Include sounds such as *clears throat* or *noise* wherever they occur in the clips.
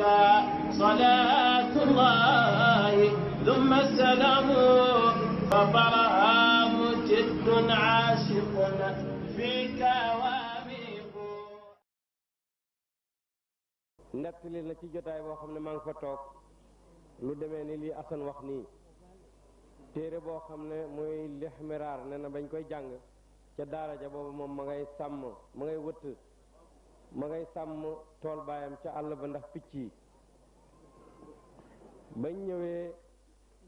عليك lii na ci jotaay boo xam ne maa ngi fa toog lu demee ni lii Assane wax nii téere boo xam ne mooy lixmiraar nee na bañ koy jàng ca daara ja boobu moom ma ngay sàmm ma ngay wëtt ma ngay sàmm tool baayam ca àll ba ndax picc yi bañ ñëwee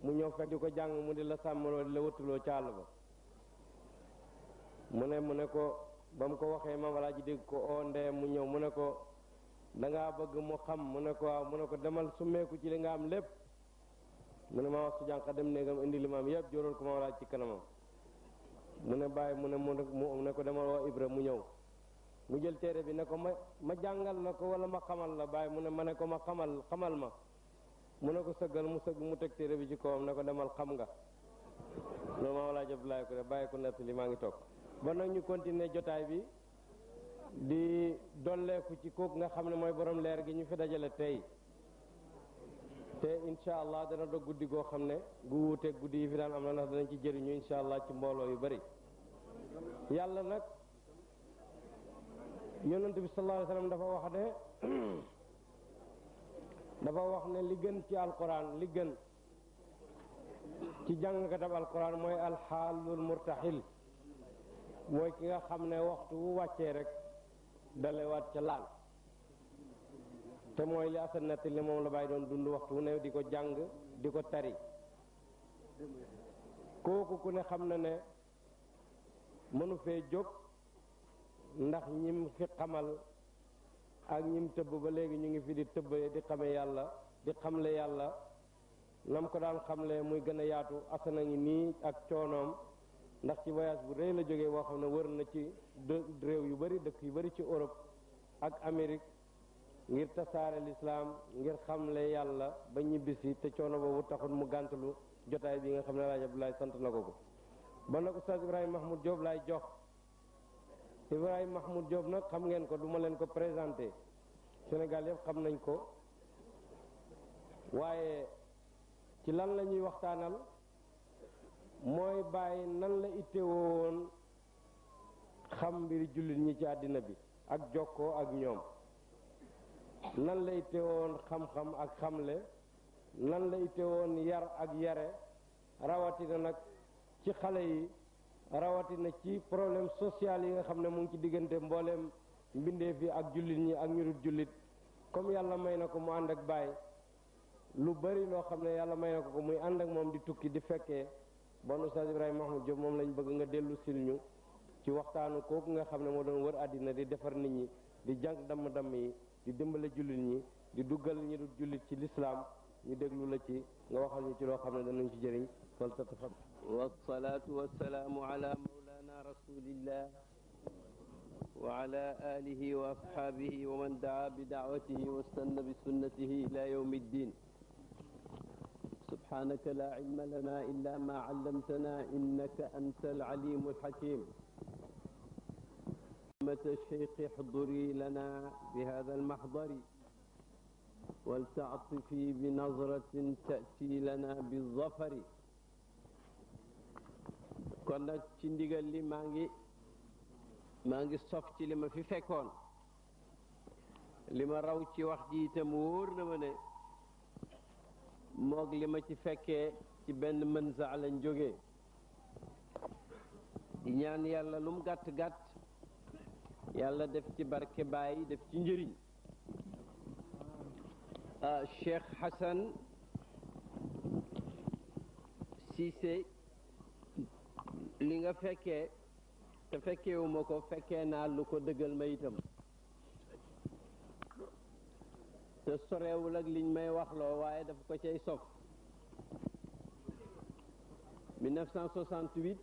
mu ñëw fekk di ko jàng mu di la sàmmaloo di la wëttuloo ca àll ba mu ne mu ne ko ba mu ko waxee ma walaa ji dégg ko oo ndee mu ñëw mu ne ko dangaa bëgg mu xam mu ne ko waaw mu ne ko demal summeeku ci li nga am lépp mu ne maa wax su jànq dem néegam indi limaam yëpp jóoral ko ma walaa ci kanamam mu ne bàyyi mu ne mu ne ko demal woo Ibra mu ñëw mu jël téere bi ne ko ma ma jàngal la ko wala ma xamal la bàyyi mu ne ma ne ko ma xamal xamal ma mu ne ko sëggal mu sëgg mu teg téere bi ci kawam ne ko demal xam nga loolu ma walaa jabdulaay ko de bàyyi ko nett li maa ngi toog ba nag ñu continuer jotaay bi di dolleeku ci kooku nga xam ne mooy borom leer gi ñu fi dajale tey te incha allah dana dog guddi goo xam ne gu wuuteeg guddi yi fi daan am na ndax danañ ci jëriñu incha allah ci mbooloo yu bari yàlla nag yonent bi sallallahu alayhi dafa wax ne *clears throat* dafa wax ne li gën ci alquran li gën ci jàngkatab alquran mooy alxaalul murtaxil mooy ki nga xam ne waxtu wu wàccee rek dalewaat ca laal te mooy li asan natti li moom la bàyyi doon dund waxtu wu ne di ko jàng di ko tari kooku ku ne xam na ne mënu fee jóg ndax ñim fi xamal ak ñim tëbb ba léegi ñu ngi fi di tëbbalee di xame yàlla di xamle yàlla nam ko daan xamle muy gën a yaatu asana ngi nii ak coonoom ndax ci voyage bu rëy la jógee woo xam ne wër na ci réew yu bari dëkk yu bari ci Europe ak Amérique ngir tasaare lislaam ngir xamle yàlla ba ñibbisi te coono boobu taxul mu gàntalu jotaay bi nga xam ne laaj Abdoulaye sant na ko ko ba nag Oustaz Ibrahima Mahmoud Diop laay jox Ibrahima Mahmoud Diop nag xam ngeen ko duma leen ko présenté Sénégal yëpp xam nañ ko waaye ci lan la ñuy waxtaanal mooy bàyyi nan la ittewoo woon xam mbiri jullit ñi ci àddina bi ak jokkoo ak ñoom nan la ittewoo woon xam-xam ak xamle nan la ittewoo woon yar ak yare rawatina nag ci xale yi rawatina ci problème social yi nga xam ne mu ngi ci diggante mbooleem mbindeef yi ak jullit ñi ak ñu dul jullit comme yàlla may na ko mu ànd ak baay lu bari loo xam ne yàlla may na ko ko muy ànd ak moom di tukki di fekkee bon oustaz Ibrahima Mahmoud Diop moom lañ bëgg nga dellu sil ñu ci waxtaanu kooku nga xam ne moo doon wër àddina di defar nit ñi di jàng damm-damm yi di dimbale jullit ñi di duggal ñi dul jullit ci lislaam ñu déglu la ci nga waxal ñu ci loo xam ne danañ ci jëriñ wala والصلاة والسلام على مولانا رسول الله وعلى آله وأصحابه ومن دعا بدعوته واستنى بسنته إلى يوم الدين سبحانك لا علم لنا إلا ما علمتنا إنك أنت العليم الحكيم الشيخ احضري لنا بهذا المحضر ولتعطفي بنظرة تأتي لنا بالظفر nag ci ndigal li maa ngi maa ngi sof ci li ma fi fekkoon li ma raw ci wax gi itam wóor na ma ne moog li ma ci fekkee ci benn mën sa lañ jógee di ñaan yàlla lum gàtt-gàtt yàlla def ci barke bàyyi def ci njëriñ ah, Cheikh Hassan Cissé li nga fekkee te fekkewuma ko fekkee naa lu ko dëggal ma itam te sorewul ak liñ may waxloo waaye dafa ko cay sof 1968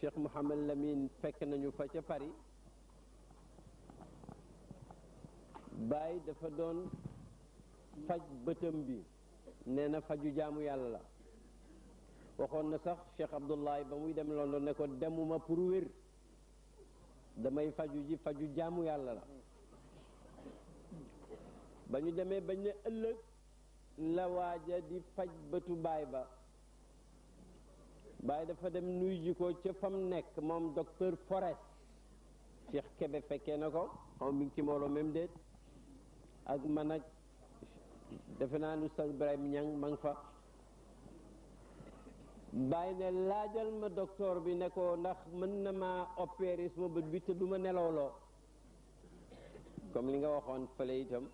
Cheikh Mouhamed Lamine fekk nañu fa ca Paris Baye dafa doon faj bëtam bi nee na faju jaamu yàlla la waxoon na sax Cheikh Abdoulaye ba muy dem London ne ko demuma pour wér damay faju ji faju jaamu yàlla la ba ñu demee bañ ne ëllëg la waaja di faj bëtu baay ba baay dafa dem nuy ji ko ca fam nekk moom docteur Forest Cheikh Kébé fekke na ko xaw mi ngi ci mbooloo même ak man ak defe naa nu Ibrahim bi ma nga fa bàyyi ne laajal ma docteur bi ne ko ndax mën na ma opérer suma bët bi te du ma nelawloo comme li nga waxoon fële itam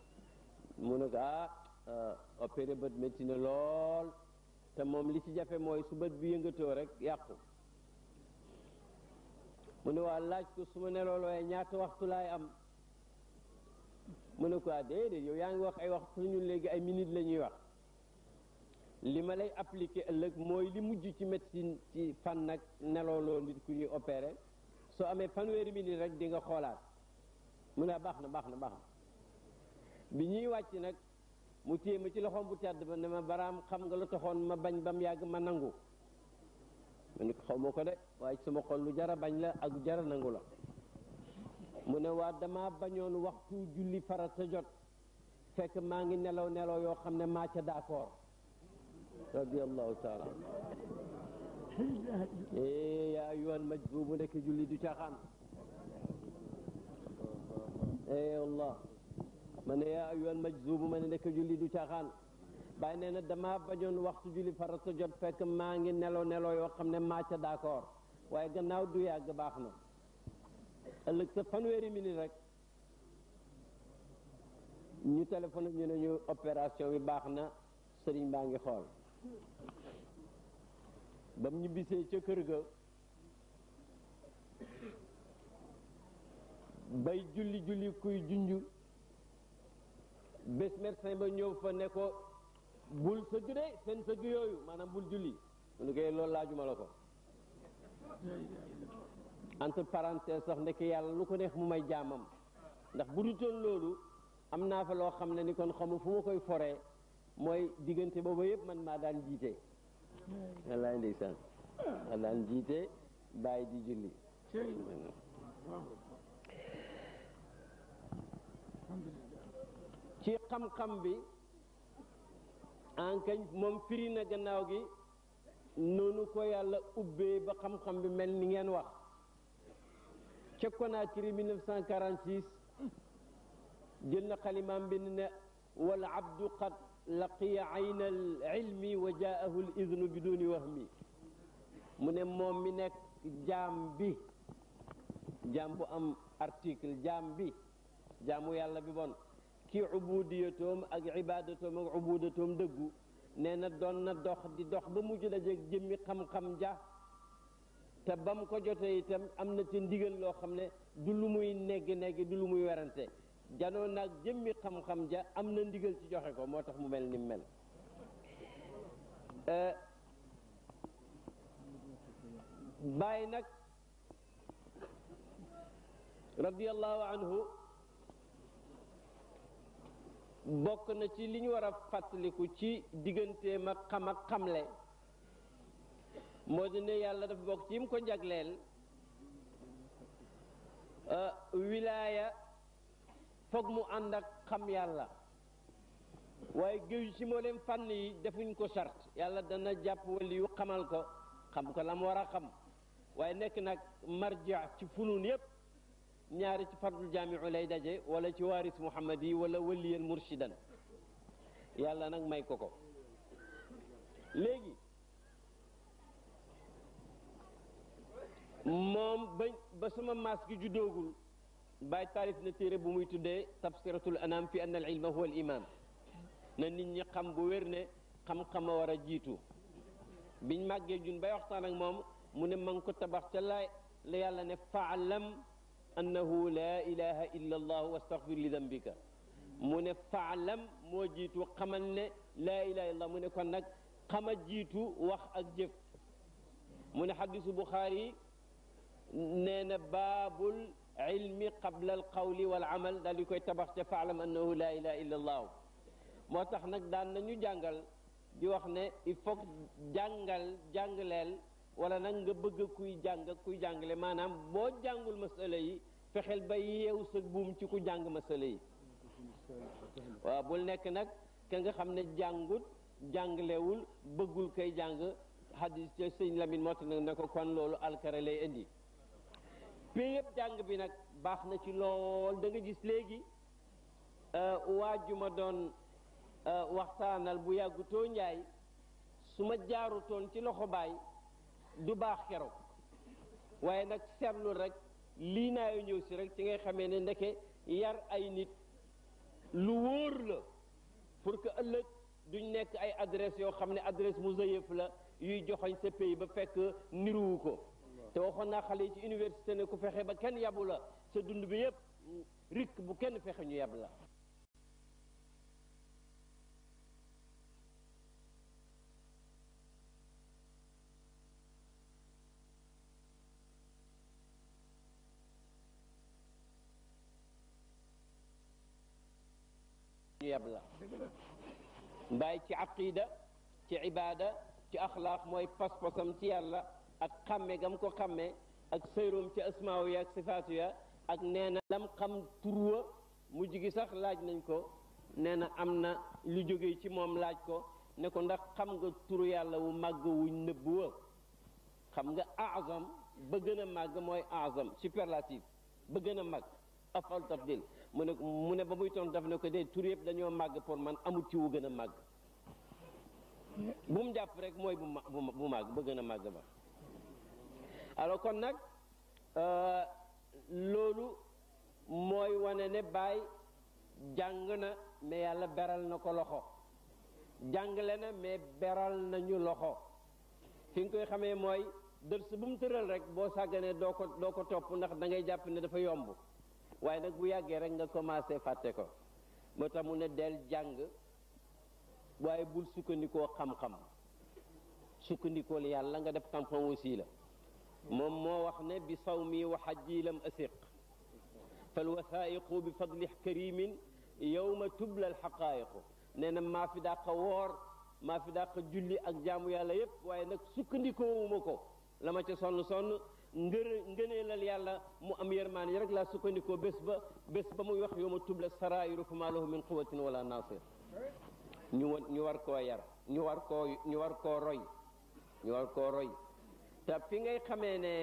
mu ne ko ah euh, opéré bët métti na lool te moom li ci jafe mooy su bët bi yëngatoo rek yàqu mu ne waa ah, laaj ko su ma nelawlooyee ñaata waxtu laay am mu ne ko ah déedéet yow yaa ngi wax ay waxtu ñun léegi ay minutes la ñuy wax li ma lay appliquer ëllëg mooy li mujj ci médecine ci fan nag nelawloo nit ku ñuy opéré soo amee fanweeri minute rek di nga xoolaat mu ne baax na baax na baax na bi ñuy wàcc nag mu téye ma ci loxoom bu tedd ba ne ma baraam xam nga la taxoon ma bañ ba mu yàgg ma nangu ma ne xaw ma ko de waaye sama xol lu jara bañ la ak jara nangu la mu ne waa dama bañoon waxtu julli farata jot fekk maa ngi nelaw nelaw yoo xam ne maa ca d'accord radiyallahu taala ee eh, yaa ayyuhal majzuub nekk julli du caaxaan ee eh, wallah ma ne yaa ayyuhal majzuub ma ne nekk julli du caaxaan bàyyi nee dama bañoon waxtu julli farata jot fekk maa ngi nelaw nelo yoo xam ne maa ca d'accord waaye gannaaw du yàgg baax na ëllëg sa fanweeri minute rek ñu téléphone ñu ne ñu opération bi baax na sëriñ baa ngi xool bam ñibbisee ca kër ga bay julli julli kuy junj bés médecin ba ñëw fa nekko ko bul sëgg de seen sëgg yooyu maanaam bul julli mu ne koy eh, loolu laajuma la ko entre parenthèse sax nekk yàlla lu ko neex mu may jaamam ndax bu dutoon loolu am naa fa loo xam ne ni kon xamu fu ma koy foree mooy diggante boobu yëpp man maa daan jiite maa daan jiite bàyyi di julli ci xam-xam bi ankañ moom firi na gannaaw gi noonu ko yàlla ubbee ba xam-xam bi mel ni ngeen wax ca Conakry 1946 jël na xalimaam bind ne wal abdu qad laqiya ayna al ilmi wa jaahu al idnu biduni wahmi mu ne moom mi nekk jaam bi jaam bu am article jaam bi jaamu yàlla bi bon kii ubudiyatoom ak ibadatoom ak ubudatoom dëggu nee na doon na dox di dox ba mujj dajeeg jëmmi xam-xam ja te bam ko jotee itam am na ca ndigal loo xam ne du lu muy negg negg du lu muy werante janoo naag jëmmi xam-xam ja am na ndigal ci joxe ko moo tax mu mel ni mu mel euh, bàyyi nag radiallahu anhu bokk na ci li ñu war a fàttaliku ci digganteem ak xam xamle moo di yàlla dafa bokk ci yim ko njagleel euh, wilaaya foog mu ànd ak xam yàlla waaye géeju ci moo fànn yi defuñ ko sart yàlla dana jàpp wali xamal ko xam ko la mu war a xam waaye nekk nag marja ci funun yépp ñaari ci fardul jaamiu lay daje wala ci waaris muhammad yi wala waliyan mursidan yàlla nag may ko ko léegi moom ba ba sama maas gi juddoogul Baay taalif na téere bu muy tuddee tabsiratul anam fi anna al ilma huwa al na nit ñi xam bu wér ne xam-xam a war a jiitu biñ màggee jun bay waxtaan ak moom mu ne ma ngi ko tabax ca la yàlla ne faalam annahu laa ilaha illa allah wastaghfir li dambika mu faalam moo jiitu xamal ne laa ilaha illallah mu ne nag xama jiitu wax ak jëf mu ne xadisu buxaari na baabul ilmi qabla al qawli wal amal daal di koy tabax ca faalam annahu laa ilaha illa allahu tax nag daan nañu jàngal di wax ne il faut jàngal jàngaleel wala nag nga bëgg kuy jàng kuy jàngale maanaam boo jàngul masala yi fexeel ba yeewu sa buum ci jàng masala yi waaw bul nekk nag ka nga xam ne jàngut jàngalewul bëggul koy jàng xadis sëñ Lamine moo tax nag ne ko kon loolu alkara lay indi péyëb jàng bi nag baax na ci lool danga gis léegi euh, waaju ma doon euh, waxtaanal bu yàggu too njaay su ma jaarutoon ci loxo baay du baax keroog waaye nag seetlu rek lii naayo ñëw si rek ci ngay xamee ne ndeke yar ay nit lu wóor la pour que ëllëg duñ nekk ay adresse yoo xam ne adresse mu zayëf la yuy joxoñ sa pays ba fekk niruwu ko te waxoon naa xale yi université ne ku fexe ba kenn yabu la sa dund bi yépp rik bu kenn fexe ñu yab la ñu ci aqida ci ibaada ci axlaaq mooy pas-pasam ci yàlla ak xàmme gam ko xàmme ak sëyroom ci asmaaw ya ak sifaatu ya ak nee na lam xam turwa mujj gi sax laaj nañ ko nee na am na lu jóge ci moom laaj ko ne ko ndax xam nga turu yàlla wu màgg wuñ nëbb wa xam nga azam ba gën a màgg mooy azam superlatif ba gën a màgg afal tafdil mu ne mu ne ba muy tontu daf ne ko dee tur yëpp dañoo màgg pour man amut ci wu gën a màgg bu jàpp rek mooy bu bu màgg ba gën a màgg ba alors kon nag euh, loolu mooy wane ne baay jàng na mais yàlla beral na ko loxo jàngale na mais beral nañu loxo fi nga koy xamee mooy dërs bu mu tëral rek boo sàgganee doo ko doo ko topp ndax dangay jàpp ne dafa yomb waaye nag bu yàggee rek nga commencé fàtte ko moo tax mun ne del jàng waaye bul sukkandikoo xam-xam sukkandikoo yàlla nga def xam-xam aussi la moom moo wax ne bi sawmi wa xajji lam asiq falwasaiqu bi fadli karimin yowma tubla alxaqaayiqu nee na maa fi dàq woor maa fi dàq julli ak jaamu yàlla yépp waaye nag sukkandikoowuma ko la ma ca sonn sonn ngër ngëneelal yàlla mu am yërmaane rek laa sukkandikoo bés ba bés ba muy wax yowma tubla saraayiru fama lahu min quwatin wala nasir ñu ñu war koo yar ñu war koo ñu war koo roy ñu war koo roy te fi ngay xamee ne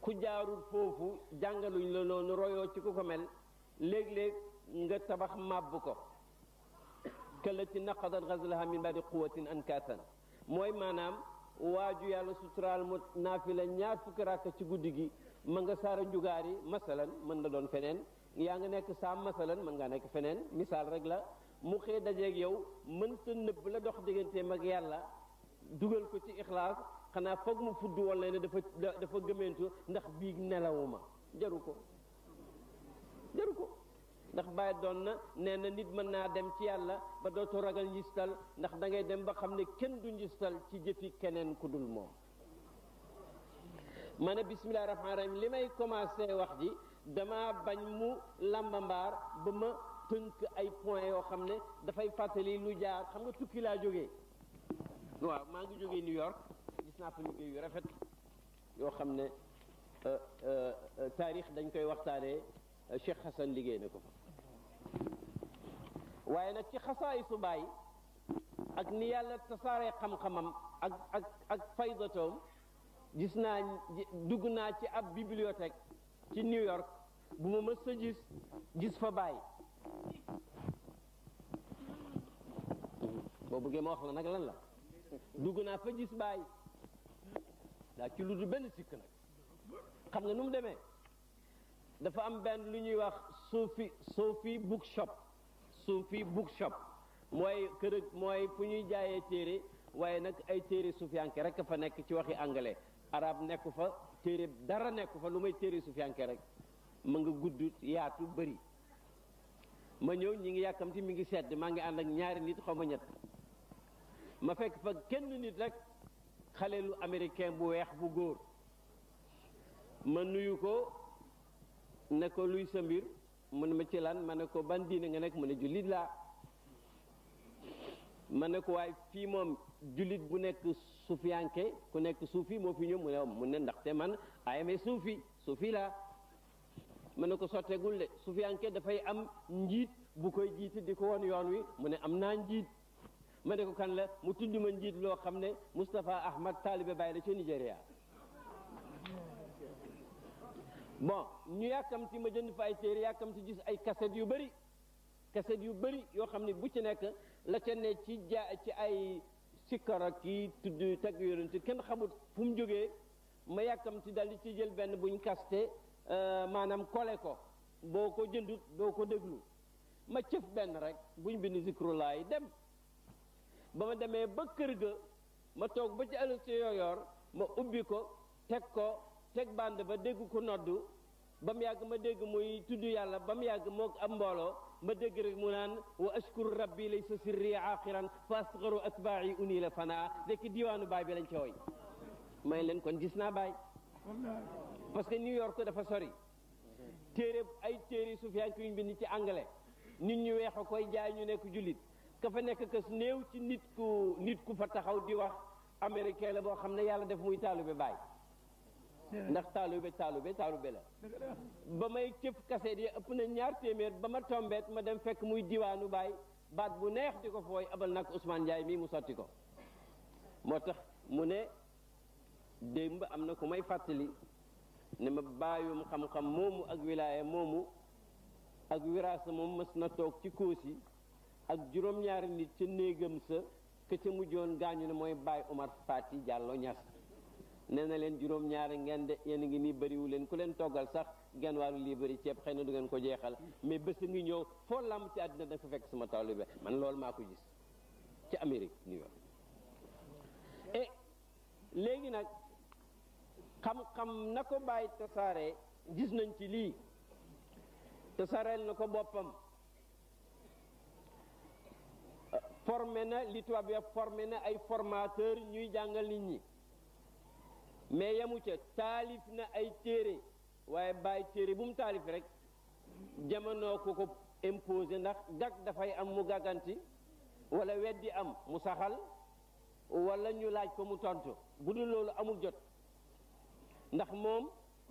ku jaarul foofu jàngaluñ la noonu royoo ci ku ko mel léeg-léeg nga tabax màbb ko la naqadat ghazlaha min ba'di quwwatin ankaasan mooy maanaam waaju yàlla suturaal mu la ñaar fukki ràkk ci guddi gi ma nga saara njugaari masalan mën na doon feneen yaa nga nekk saam masalan ma ngaa nekk feneen misaal rek la mu xëy dajeek yow mënta nëbb la dox digganteem mag yàlla dugal ko ci ixlaas xanaa foog mu fudd wala ne dafa dafa gëmeentu ndax bii nelawuma jaru ko jaru ko ndax bàyyi doon na nee na nit mën naa dem ci yàlla ba dootoo ragal njistal ndax dangay dem ba xam ne kenn du njistal ci jëfi keneen ku dul moom ma ne bisimilah rahmaani li may commencé wax ji dama bañ mu làmbambaar ba ma tënk ay point yoo xam ne dafay fàttali lu jaar xam nga tukki laa jógee waaw maa ngi jógee New York gis naa fa liggéey yu rafet yoo xam ne euh, euh, taarix dañ koy waxtaanee Cheikh Xasan liggéey na ko waaye nag ci xasaayi su baay ak ni yàlla tasaaree xam-xamam ak ak ak faydatoom gis naa dugg naa ci ab bibliothèque ci New York bu ma mës a gis gis fa baay boo bëggee ma wax la nag lan la dugg naa fa gis baay daa ci lu dul benn sikk nag xam nga nu mu demee dafa am benn lu ñuy wax suufi suufi shop suufi bookshop mooy kër mooy fu ñuy jaayee téere waaye nag ay téere suufiyanke rek fa nekk ci waxi anglais arab nekku fa téere dara nekku fa lu may téere suufiyanke rek ma nga gudd yaatu bëri ma ñëw ñi ngi yàkkamti mi ngi sedd maa ngi ànd ak ñaari nit xaw ma ñett ma fekk fa kenn nit rek xalelu americain bu weex bu góor man nuyu ko ne ko luy sa mbir mu ne ma ci lan ma ne ko ban diine nga nekk mu ne jullit laa ma ne ko waaye fii moom jullit bu nekk sufiyanke ku nekk suufi moo fi ñëw mu ne mu ndaxte man ayamee suufi suufi laa ma ne ko sotteegul de sufiyanke dafay am njiit bu koy jiit di ko won yoon wi mu ne am naa njiit ma ne ko kan la mu tudd ma njiit loo xam ne Moustapha Ahmad taalibe Baay la ca Nigéria bon ñu yàkkamti ma jënd fa ay téere yàkkamti gis ay kaset yu bëri kaset yu bëri yoo xam ne bu ci nekk la ca ne ci ja ci ay sikkar ak kii tudd tagg yonent kenn xamut fu mu jógee ma yàkkamti dal di ci jël benn buñ kaste euh, maanaam kole ko boo ko jëndut doo ko déglu ma cëf benn rek buñ bind zikrullaa yi dem ba ma demee ba kër ga ma toog ba ci ëllëg si yooyoor ma ubbi ko teg ko teg bànd ba dégg ko nodd ba mu yàgg ma dégg muy tudd yàlla ba mu yàgg moog am mbooloo ma dégg rek mu naan wa ashkuru lay laysa sirri aaxiran fa asgaru atbaa'i unii la fanaa dekk diwaanu baay bi lañ ca woy may leen kon gis naa baay parce que New York dafa sori téere ay téere sufiyank yuñ bind ci anglais nit ñu weex a koy jaay ñu nekk jullit ka fa nekk kës néew ci nit ku nit ku fa taxaw di wax américain la boo xam ne yàlla def muy taalube baay ndax taalube taalube taalube la ba may cëpp kaseet yi ëpp na ñaar téeméer ba ma tombeet ma dem fekk muy diwaanu baay baat bu neex di ko fooy abal nag Ousmane Ndiaye mii mu sotti ko moo tax mu ne démb am na ko may fàttali ne ma bàyyum xam-xam moomu ak wilaaya moomu ak wiraas moom mës na toog ci yi ak juróom-ñaari nit ca néegam sa ka ca mujjoon gaañu ne mooy Baye Omar Fati Diallo Niass nee na leen juróom-ñaari ngeen de yéen a ngi nii bariwu leen ku leen toggal sax ngeen waaru lii bari ceeb xëy na du ngeen ko jeexal mais bés a ngi ñëw foo làmb ci àddina danga fa fekk sama taalibe man loolu maa ko gis ci Amérique New York et eh, léegi nag xam-xam na ko bàyyi tasaare gis nañ ci lii tasaareel na ko boppam formé na li tubaab ya formé na ay formateur ñuy jàngal nit ñi mais yamu ca taalif na ay téere waaye bàyyi téere bu mu taalif rek jamono ko ko imposé ndax gag dafay am mu gàgganti wala weddi am mu saxal wala ñu laaj ko mu tontu bu dul loolu amul jot ndax moom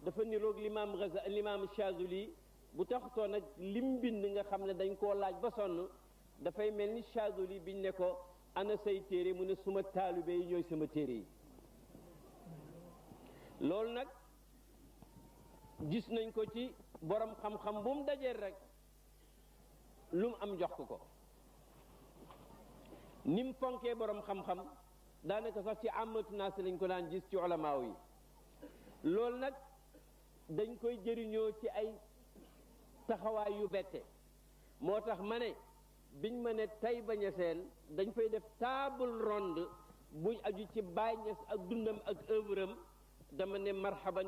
dafa niroog limaam Gaza limaam Chazuli bu taxutoon nag lim bind nga xam ne dañ koo laaj ba sonn dafay mel ni Chazoli biñ ne ko ana say téere mu ne suma taalibe yi ñooy sama téere yi loolu nag gis nañ ko ci boroom xam-xam bu mu dajeel rek lu mu am jox ko ko ni mu fonkee borom xam-xam daanaka sax ci amatu naas lañ ko daan gis ci ulamaaw yi loolu nag dañ koy jëriñoo ci ay taxawaay yu bette moo tax ma ne biñ ma ne tey ba ñeseen dañ fay def table ronde buñ aju ci Baay Ñas ak dundam ak œuvre am dama ne marhaban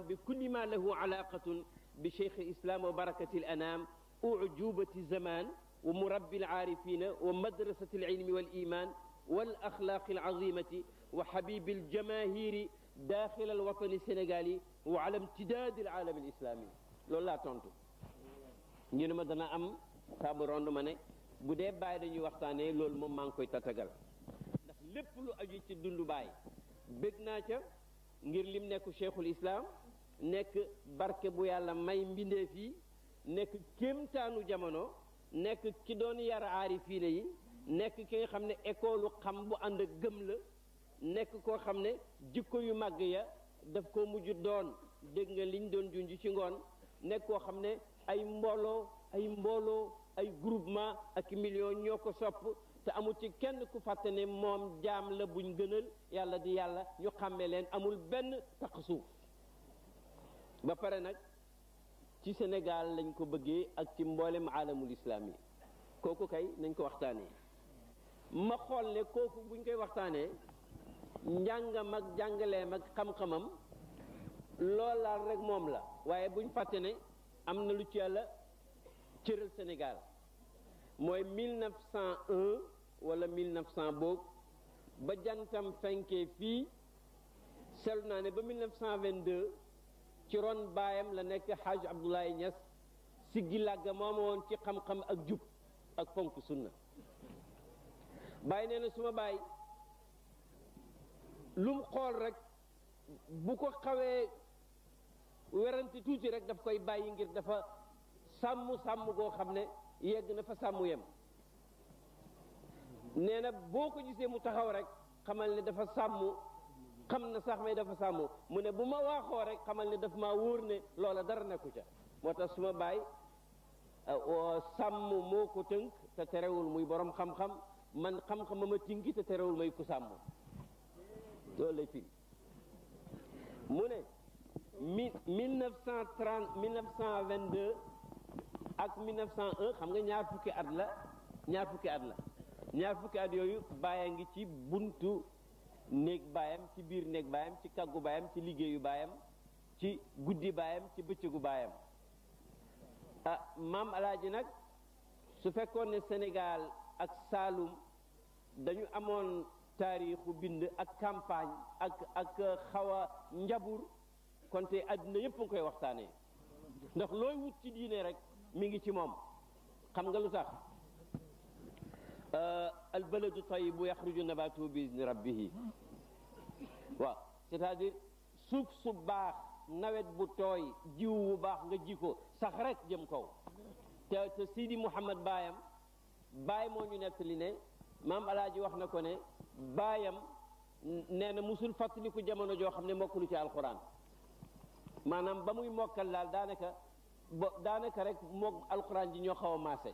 ma lahu alaqatun bi cheikh islam wa barakati l anam ujubati zaman wa murabbi alaarifina wa madrasati alilmi wal iman wal axlaaqi alazimati wa xabibi aljamahiri daaxil alwatani sénégali wa ala imtidaadi alaalam alislami loolu laa tontu ñu ne ma dana am table ronde ma ne bu dee baay dañuy waxtaanee loolu moom maa ngi koy tatagal ndax lépp lu aju ci dundu baay bég naa ca ngir lim nekk cheikhul islam nekk barke bu yàlla may mbindeef yi nekk kéemtaanu jamono nekk ki doon yar aarifiine yi nekk ki nga xam ne école xam bu ànd ak gëm la nekk koo xam ne jikko yu màgg ya daf ko mujj doon dégg nga liñ doon junj ci ngoon nekk koo xam ne ay mbooloo ay mbooloo ay groupement ak million ñoo ko sopp te amul ci kenn ku fàtte moom jaam la buñ gënal yàlla di yàlla ñu xàmmee leen amul benn taq suuf ba pare nag ci Sénégal lañ ko bëggee ak ci mboolem aalamul islaam yi kooku kay nañ ko waxtaanee ma xool ne kooku buñ koy waxtaanee njàngam ak jàngaleem ak xam-xamam loolaal rek moom la waaye buñ fàtte ne am na lu ci yàlla cëral Sénégal mooy 1901 wala 1900 boog ba jantam fenkee fii seetlu naa ne ba 1922 ci ron baayam la nekk xaaj Abdoulaye Niass siggi làgga ci xam-xam ak jub ak fonk sunna bàyyi nee na su ma bàyyi lu xool rek bu ko xawee werante tuuti rek daf koy bàyyi ngir dafa sàmm sàmm goo xam ne yegg na fa sàmm yem nee na boo ko gisee mu taxaw rek xamal ne dafa sàmm xam na sax may dafa sàmm mu ne bu ma waaxoo rek xamal ne daf maa wóor ne loola dara nekku ca moo tax su ma bàyyi uh, sàmm moo ko tënk te terewul muy borom xam-xam man xam-xam ma tinki te terewul may ku sàmm loolu lay firi mu ne 1930 1922 ak 1901 xam nga ñaar fukki at la ñaar fukki at la ñaar at yooyu bàyyi ngi ci buntu néeg baayam ci biir néeg baayam ci kaggu baayam ci liggéeyu baayam ci guddi baayam ci bëccëgu baayam ah maam alaaji nag su fekkoon ne Sénégal ak Saalum dañu amoon taarixu bind ak campagne ak ak xawa a njabur kon te àddina yépp nga koy waxtaanee ndax looy wut ci diine rek mi ngi ci moom xam nga lu tax euh, al baladu tayibu yaxruju nabatu bi izni rabbihi waaw c'est-à-dire suuf su baax nawet bu tooy jiw bu baax nga ji ko sax rek jëm kaw te te Sidi Mouhamad baayam baay moo ñu nettali ne maam alaaji wax na ko ne baayam nee na musul fàttaliku jamono joo xam ne mokkalu ci alquran maanaam ba muy mokkal daal daanaka ba daanaka rek moog alxuraan ji ñoo xaw a maase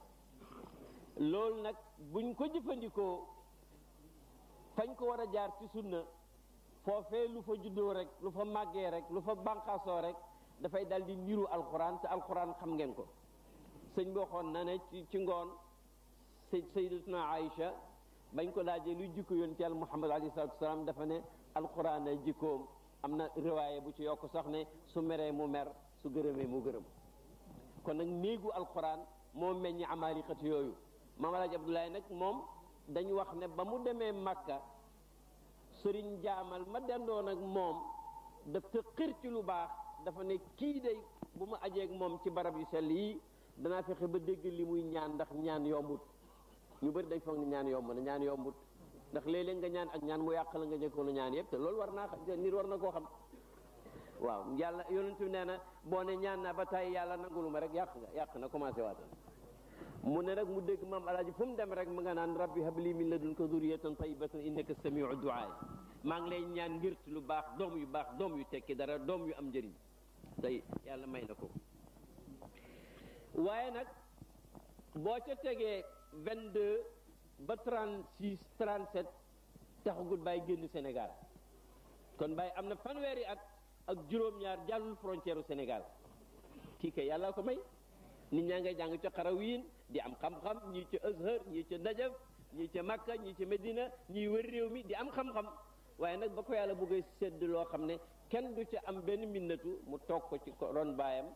loolu nag buñ ko jëfandikoo fañ ko war a jaar ci sunna foofee lu fa juddoo rek lu fa màggee rek lu fa bànqaasoo rek dafay dal di niru alxuraan te alxuraan xam ngeen ko sëñ bi waxoon na ne ci ci ngoon sayyidatuna Aïcha bañ ko laajee luy jikko yoon ci yàlla Muhammad alayhi salaatu wasalaam dafa ne alxuraan ay jikkoom am na riwaaye bu ci yokk sax ne su meree mu mer su gërëmee mu gërëm kon nag néegu alxuraan moo meññ amaalixatu yooyu maam alaaj abdoulaye nag moom dañu wax ne ba mu demee màkka sëriñ jaamal ma dendoon ak moom dafa xir ci lu baax dafa ne kii day bu ma ajeeg moom ci barab yu sell yi danaa fexe ba dégg li muy ñaan ndax ñaan yombut ñu bëri dañ foog ne ñaan yomb na yombut ndax léeg-léeg nga ñaan ñaan mu yàq la nga ñaan yëpp te loolu war naa xam nit war na koo xam waaw yàlla yonent bi nee na boo ne ñaan naa ba tàyyi yàlla nangulu ma rek yàq nga yàq na commencé waatal mu ne rek mu dëgg dégg maam alaaji fu mu dem rek mu nga naan rab lii rabbi habli min ladunka zurriyatan tayyibatan innaka samiu duaa maa ngi lay ñaan ngir lu baax doom yu baax doom yu tekki dara doom yu am njëriñ tey yàlla may na ko waaye nag boo ca tegee 22 ba 36 37 taxagul bàyyi génn Sénégal kon bàyyi am na fanweeri at ak juróom-ñaar jàllul frontière u kii kay yàlla ko may nit ñaa ngay jàng ca xarawiin di am xam-xam ñii ca Azhar ñii ca Najaf ñii ca Makka ñii ca Medina ñii wër réew mi di am xam-xam waaye nag ba ko yàlla bëggee sédd loo xam ne kenn du ci am benn minnatu mu toog ko ci ron baayam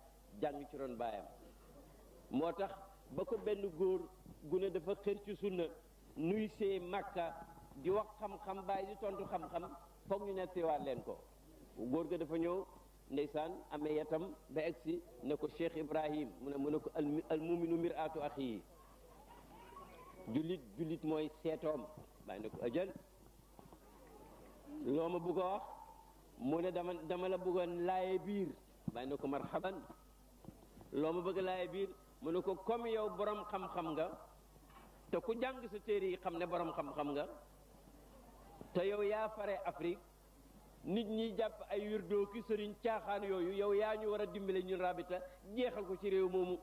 jàng ci ron baayam moo tax ba ko benn góor gu ne dafa xër ci sunna nuy see Makka di wax xam-xam bàyyi di tontu xam-xam foog ñu nettiwaat leen ko góor ga dafa ñëw ndeysaan amee yatam ba egsi ne ko Cheikh Ibrahim mu ne mu ne ko al muminu miraatu axi yi jullit jullit mooy seetoom bàyyi ne ko ajal loo ma bëgg wax mu ne dama dama la bëggoon laaye biir bàyyi ne ko marhaban loo ma bëgg laaye biir mu ne ko comme yow borom xam-xam nga te ku jàng sa téere yi xam ne borom xam-xam nga te yow yaa fare Afrique nit ñi jàpp ay wirdoo ki sëriñ caaxaan yooyu yow yaa ñu war a dimbale ñun rabita jeexal ko ci réew moomu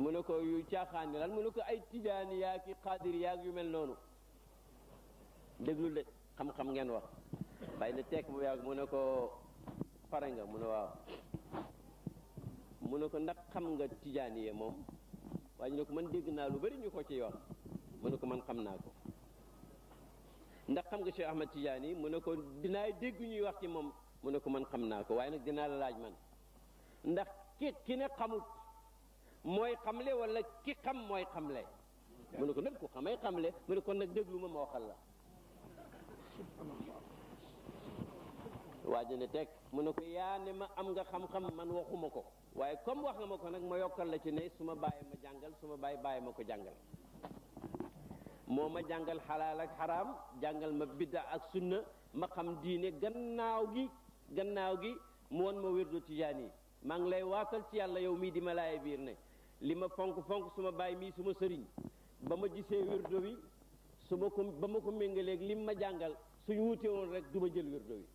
mu ne ko yu caaxaan yi lan mu ne ko ay tijaani yaa ki xaadir yaa yu mel noonu déglul de xam-xam ngeen wax bàyyi na tekk bu yàgg mu ne ko pare nga mu ne waaw mu ne ko ndax xam nga tijaani yee moom waaye ñu ne ko man dégg naa lu bari ñu ko ciy wax mu ne ko man xam naa ko ndax xam nga Cheikh Ahmad Tidiane yi mu ne ko dinaa dégg ñuy wax ci moom mu ne ko man xam naa ko waaye nag dinaa la laaj man ndax ki ki ne xamut mooy xamle wala ki xam mooy xamle mu ne ko nag ku xamay xamle mu ne kon nag déglu ma ma waxal la waa ji ne teg mu ne ko yaa ne ma am nga xam-xam man waxuma ko waaye comme wax na ma ko nag ma yokkal la ci ne su ma bàyyi ma jàngal su ma bàyyi bàyyi ma ko jàngal moo ma jàngal xalaal ak xaraam jàngal ma bidda ak sunna ma xam diine gannaaw gi gannaaw gi mu won ma wérdu tijaan yi maa ngi lay waatal ci yàlla yow mii di ma laaya biir ne li ma fonk-fonk su ma bàyyi mii su ma sëriñ ba ma gisee wérdo wi su ma ko ba ma ko méngaleeg lim ma jàngal suñu wute woon rek du ma jël wérdo wi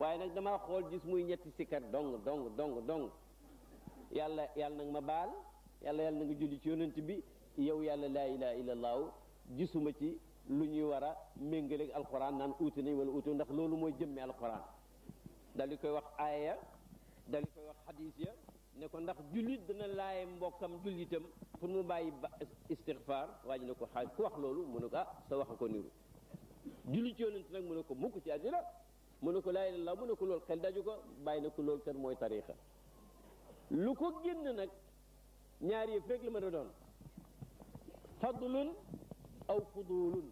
waaye nag damaa xool gis muy ñetti sikkat dong dong dong dong yàlla yàlla nag ma baal yàlla yàlla na nga julli ci yonent bi yow yàlla laa ilaha illa allahu gisuma ci lu ñuy war a méngaleeg alquran naan uuti nañ wala uuti ndax loolu mooy jëmmi alquran dal di koy wax aaya dal di koy wax xadiis ya ne ko ndax jullit dina laaye mbokkam jullitam pour mu bàyyi ba istigfaar waa ji ne ko xaaj ku wax loolu mu ne ko ah sa wax a ko niru jullit yonent nag mu ne ko mukk ci àddina mu ne ko laa ilaaha mu ne ko loolu xel daju ko bàyyi na ko loolu kat mooy tariixa lu ko génn nag ñaar yëpp rek la mën a doon fadlun aw fudulun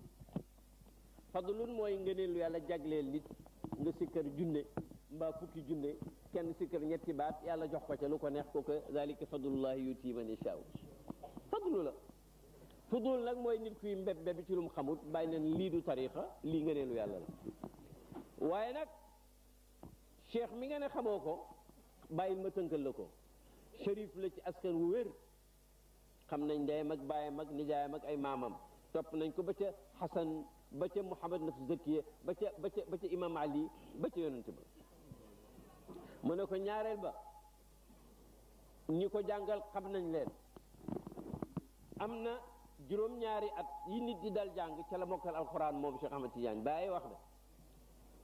fadlun mooy ngëneelu yàlla jagleel nit nga sikkar junne mbaa fukki junne kenn sikkar ñetti baat yàlla jox ko ca lu ko neex ko ko zalika fadlullahi yuti man yashaa fadlu la fudul nag mooy nit kuy mbeb mbeb ci lu mu xamut bàyyi leen lii du tarixa lii ngëneelu yàlla la waaye nag cheikh mi nga ne xamoo ko bàyyil ma tënkal la ko shérif la ci askan wu wér xam nañ ndeyam ak baayam ak nijaayam ak ay maamam topp nañ ko ba ca xasan ba ca muhammad naf zakiye ba ca ba ca ba ca ali ba ca yonent ba mu ne ko ñaareel ba ñu ko jàngal xam nañ leen am na juróom-ñaari at yi nit di dal jàng ca la mokkal alxuraan moom Cheikh Ahmad Tidiane baay wax na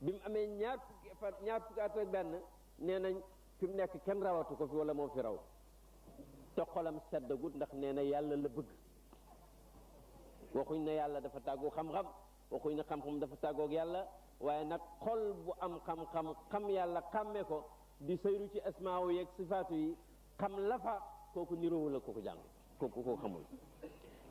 bi mu amee ñaar fukki at ñaar fukki at ak benn nee nañ fi mu nekk kenn rawatu ko fi wala moo fi raw te xolam seddagut ndax nee na yàlla la bëgg waxuñ ne yàlla dafa tàggu xam-xam waxuñ ne xam-xam dafa tàggoog yàlla waaye nag xol bu am xam-xam xam yàlla xàmme ko di sayru ci asmaaw yeeg sifaatu yi xam lafa kooku niroowul la kooku jàng kooku koo xamul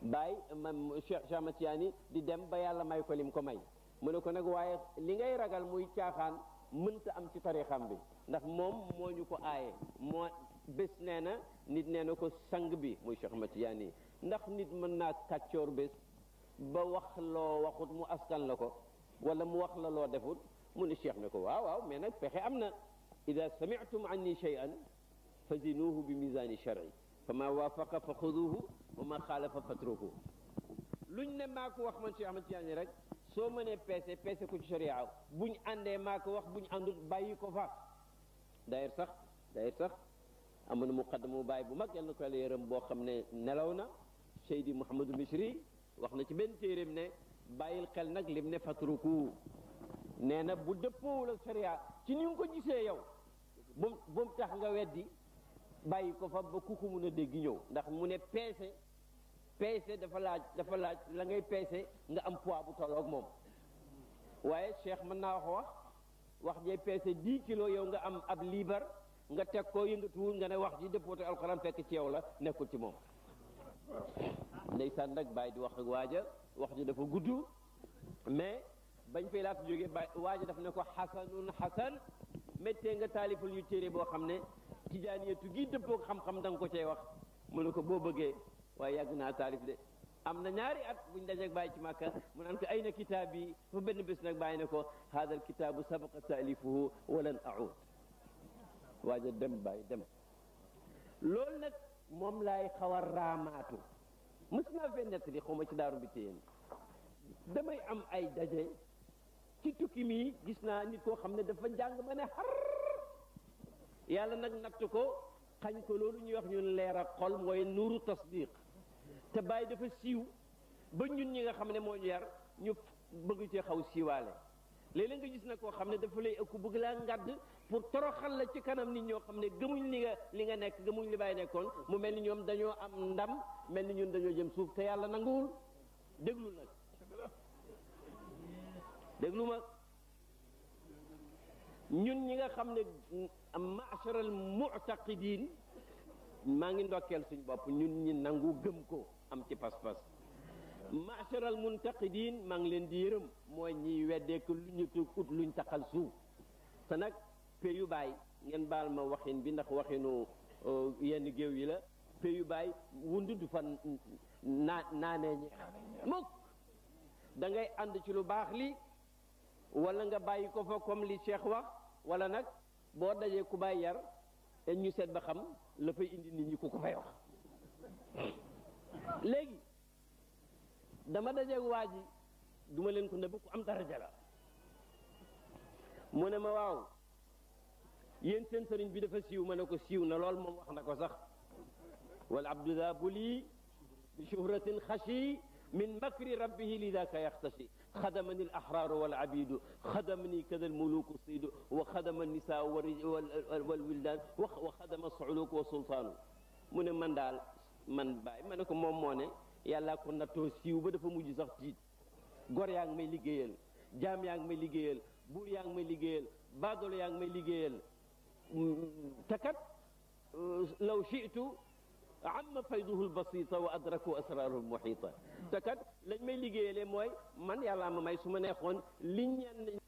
bàyyi mam Cheikh Chamatiani di dem ba yàlla may ko lim ko may mu ne ko nag waaye li ngay ragal muy caaxaan mënta am ci tarixam bi ndax moom moo ñu ko aaye moo bés nee na nit nee na ko sang bi muy Cheikh Chamatiani ndax nit mën naa kàccoor bés ba wax loo waxut mu askan la ko wala mu wax la loo defut mu ni cheikh ne ko waaw waaw mais nag pexe am na ida sami'tum anni shay'an fazinuhu bi misani shar'i fa ma waafaqa fa xuduhu wa ma xaalafa fatruku luñ ne maa ko wax man Cheikh Ahmad Tidiane rek soo mënee peese peese ko ci sharia buñ àndee maa ko wax buñ àndut bàyyi ko fa d'ailleurs sax d'ailleurs sax amoon na muqaddamu bàyyi bu mag yàlla na ko yàlla yërëm boo xam ne nelaw na Seydi Mouhamadou Misri wax na ci benn téeréem ne bàyyil xel nag lim ne fatruku nee na bu dëppoowul ak sharia ci ni ko gisee yow bu mu tax nga weddi bàyyi ko fa ba ku ko mun a dégg ñëw ndax mu ne peese peese dafa laaj dafa laaj la ngay peese nga am poids bu tolloog moom waaye cheikh mën naa wax wax wax jee peese 10 kilos yow nga am ab liibar nga teg ko yëngatuwul nga ne wax ji dëppoote alxuraan fekk ci yow la nekkul ci moom ndeysaan nag bàyyi di wax ak waaja wax ji dafa gudd mais bañ fay laata jógee bàyyi waaja daf na ko xasanun xasan méttee nga taalifal ñu téere boo xam ne tijaaniyatu gi dëppoog xam-xam da ko cay wax mu ne ko boo bëggee waaye yàgg naa taalif de am na ñaari at buñ dajeeg bàyyi ci màkka mu naan ko ay na kitaab bi fa benn bés nag bàyyi ne ko haadal kitaabu sabaqa taalifuhu walan aud waaja dem bàyyi dem loolu nag moom laay xaw a raamaatu mës naa fee nettali xaw ma ci daaru bi téyeen damay am ay daje ci tukki mii gis naa nit koo xam ne dafa njàng ma ne xar yàlla nag natt ko xañ ko loolu ñuy wax ñun leer ak xol mooy nuuru tasdiq te bàyyi dafa siiw ba ñun ñi nga xam ne moo yar ñu bëgg cee xaw siiwaale léeg-léeg nga gis na koo xam ne dafa lay ëkku bëgg laa ngàdd pour toroxal la ci kanam nit ñoo xam ne gëmuñ li nga li nga nekk gëmuñ li bàyyi nekkoon mu mel ni ñoom dañoo am ndam mel ni ñun dañoo jëm suuf te yàlla nanguwul déglu nag déglu ma ñun ñi nga xam ne maacharal mu'taqidin maa ngi ndokkeel suñ bopp ñun ñi nangu gëm ko am ci pas-pas macharal muntaqidiin maa ngi leen di yërëm mooy ñiy weddeek lu ñu ut luñ taqal suuf te nag yu baay ngeen baal ma waxin bi ndax waxinu euh, yenn géew yi la péyu baay wundu du fa naa naanee ñeex mukk da ànd ci lu baax li wala nga bàyyi ko fa comme li Cheikh wax wala nag boo dajee ku bàyyi yar ñu set ba xam la fay indi nit ñi ku ko fay wax léegi dama dajeeg waa ji du ma leen ko nëbb ku am daraja la mu ne ma waaw yéen seen sëriñ bi dafa siiw ma ne ko siiw na lool moom wax na ko sax wal abdu daa buli bi shuhratin xashi min makri rabbihi li daaka yaxtashi xadamani al axraaru wal abidu xadamani kada al muluku siidu wa xadama nisaa wal wildaan wa xadama sucluku wa sultaanu mu ne man daal man bàyyi ma ne ko moom moo ne yàllaa ko nattoo siiw ba dafa mujj sax tiit gor yaa ngi may liggéeyal jaam yaa ngi may liggéeyal buur yaa ngi may liggéeyal baadolo yaa ngi may liggéeyal te kat law shitu amma fayduhu lbasita wa adraku asraruhu lmuhita te kat lañ may liggéeyalee mooy man yàllaa ma may su ma neexoon li ñenn